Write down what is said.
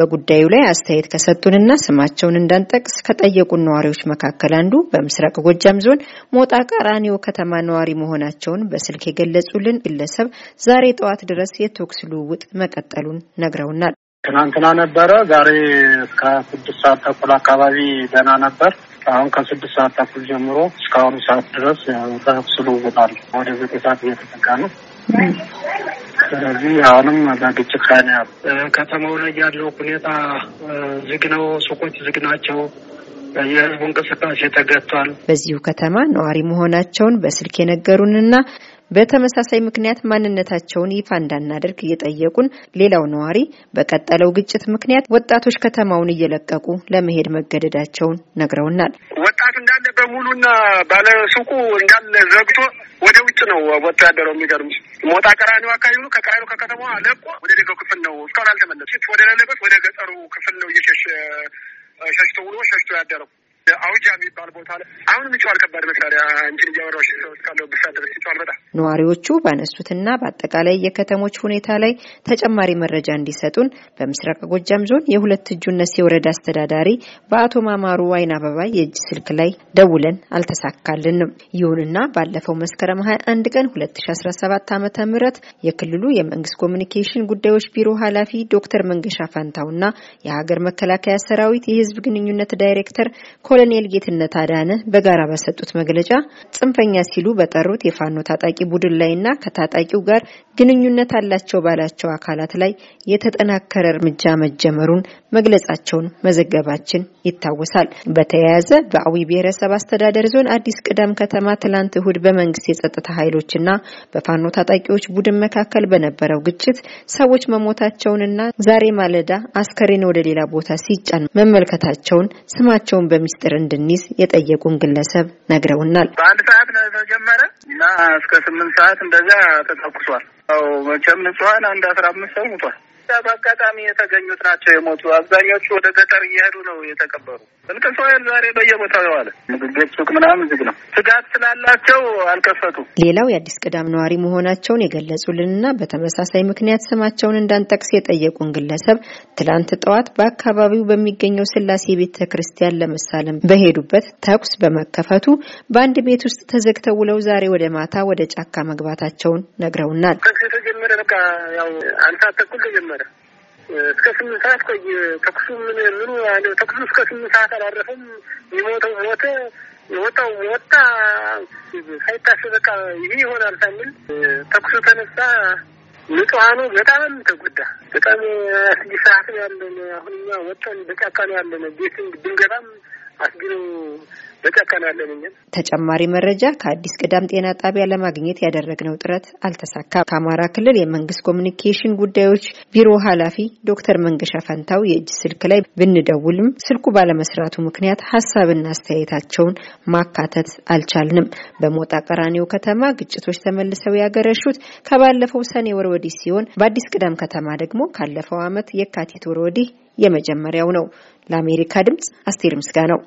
በጉዳዩ ላይ አስተያየት ከሰጡንና ስማቸውን እንዳንጠቅስ ከጠየቁን ነዋሪዎች መካከል አንዱ በምስራቅ ጎጃም ዞን ሞጣ ቀራኒዮ ከተማ ነዋሪ መሆናቸውን በስልክ የገለጹልን ግለሰብ ዛሬ ጠዋት ድረስ የተኩስ ልውውጥ መቀጠሉን ነግረውናል። ትናንትና ነበረ። ዛሬ እስከ ስድስት ሰዓት ተኩል አካባቢ ደህና ነበር። አሁን ከስድስት ሰዓት ተኩል ጀምሮ እስካሁኑ ሰዓት ድረስ ተኩስ ልውውጥ አለ። ወደ ዘጠኝ ሰዓት እየተጠጋ ነው። ስለዚህ አሁንም በግጭት ላይ ነው። ከተማው ላይ ያለው ሁኔታ ዝግ ነው። ሱቆች ዝግ ናቸው። የህዝቡ እንቅስቃሴ ተገቷል። በዚሁ ከተማ ነዋሪ መሆናቸውን በስልክ የነገሩንና በተመሳሳይ ምክንያት ማንነታቸውን ይፋ እንዳናደርግ እየጠየቁን ሌላው ነዋሪ በቀጠለው ግጭት ምክንያት ወጣቶች ከተማውን እየለቀቁ ለመሄድ መገደዳቸውን ነግረውናል። በሙሉና ባለ ሱቁ እንዳለ ዘግቶ ወደ ውጭ ነው ወታደረው። የሚገርም ሞጣ ቀራኒው አካባቢ ከቀራኒው ከከተማ ለቆ ወደ ደገው ክፍል ነው እስካሁን አልተመለሱም። ወደ ሌለበት ወደ ገጠሩ ክፍል ነው እየሸሽ ሸሽቶ ውሎ ሸሽቶ ያደረው አውጃ የሚባል ቦታ ላይ አሁንም ይጨዋል። ከባድ መሳሪያ እንትን እያወራሁ እስካለሁ ብሳት ድረስ ይጨዋል በጣም ነዋሪዎቹ ባነሱትና በአጠቃላይ የከተሞች ሁኔታ ላይ ተጨማሪ መረጃ እንዲሰጡን በምስራቅ ጎጃም ዞን የሁለት እጁነት የወረዳ አስተዳዳሪ በአቶ ማማሩ አይን አበባ የእጅ ስልክ ላይ ደውለን አልተሳካልንም። ይሁንና ባለፈው መስከረም 21 ቀን 2017 ዓ.ም የክልሉ የመንግስት ኮሚኒኬሽን ጉዳዮች ቢሮ ኃላፊ ዶክተር መንገሻ ፋንታውና የሀገር መከላከያ ሰራዊት የህዝብ ግንኙነት ዳይሬክተር ኮሎኔል ጌትነት አዳነ በጋራ በሰጡት መግለጫ ጽንፈኛ ሲሉ በጠሩት የፋኖ ታጣቂ ቡድን ላይና ከታጣቂው ጋር ግንኙነት አላቸው ባላቸው አካላት ላይ የተጠናከረ እርምጃ መጀመሩን መግለጻቸውን መዘገባችን ይታወሳል። በተያያዘ በአዊ ብሔረሰብ አስተዳደር ዞን አዲስ ቅዳም ከተማ ትላንት እሁድ በመንግስት የጸጥታ ኃይሎችና በፋኖ ታጣቂዎች ቡድን መካከል በነበረው ግጭት ሰዎች መሞታቸውንና ዛሬ ማለዳ አስከሬን ወደ ሌላ ቦታ ሲጫን መመልከታቸውን ስማቸውን በሚስጥር እንድንይዝ የጠየቁን ግለሰብ ነግረውናል። በአንድ ሰዓት ነው የተጀመረ እና እስከ ስምንት ሰዓት እንደዛ ተተኩሷል። መቼም ንጹሀን አንድ አስራ አምስት ሰው ሙቷል። ብቻ በአጋጣሚ የተገኙት ናቸው የሞቱ። አብዛኞቹ ወደ ገጠር እየሄዱ ነው የተቀበሩ። እንቅልፍ ዛሬ በየቦታው የዋለ ምግብ ቤት፣ ሱቅ ምናምን ዝግ ነው። ስጋት ስላላቸው አልከፈቱ። ሌላው የአዲስ ቅዳም ነዋሪ መሆናቸውን የገለጹልንና በተመሳሳይ ምክንያት ስማቸውን እንዳንጠቅስ የጠየቁን ግለሰብ ትላንት ጠዋት በአካባቢው በሚገኘው ስላሴ ቤተ ክርስቲያን ለመሳለም በሄዱበት ተኩስ በመከፈቱ በአንድ ቤት ውስጥ ተዘግተው ውለው ዛሬ ወደ ማታ ወደ ጫካ መግባታቸውን ነግረውናል። ጀመረ። በቃ ያው አንድ ሰዓት ተኩል ተጀመረ እስከ ስምንት ሰዓት ቆይ ተኩሱ ምን ምኑ ያለ ተኩሱ እስከ ስምንት ሰዓት አላረፈም። የሞተው ሞተ፣ የወጣው ወጣ። ሳይታሰብ በቃ ይህ ይሆናል ሳንል ተኩሱ ተነሳ። ንጹሐኑ በጣም ተጎዳ። በጣም አስጊ ሰዓት ነው ያለን። አሁንኛ እኛ ወጣን፣ በጫካ ነው ያለን። ቤትን ድንገባም ተጨማሪ መረጃ ከአዲስ ቅዳም ጤና ጣቢያ ለማግኘት ያደረግነው ጥረት አልተሳካም። ከአማራ ክልል የመንግስት ኮሚኒኬሽን ጉዳዮች ቢሮ ኃላፊ ዶክተር መንገሻ ፈንታው የእጅ ስልክ ላይ ብንደውልም ስልኩ ባለመስራቱ ምክንያት ሀሳብና አስተያየታቸውን ማካተት አልቻልንም። በሞጣ ቀራኒው ከተማ ግጭቶች ተመልሰው ያገረሹት ከባለፈው ሰኔ ወር ወዲህ ሲሆን በአዲስ ቅዳም ከተማ ደግሞ ካለፈው ዓመት የካቲት ወር ወዲህ የመጀመሪያው ነው። ለአሜሪካ ድምጽ አስቴር ምስጋ ነው።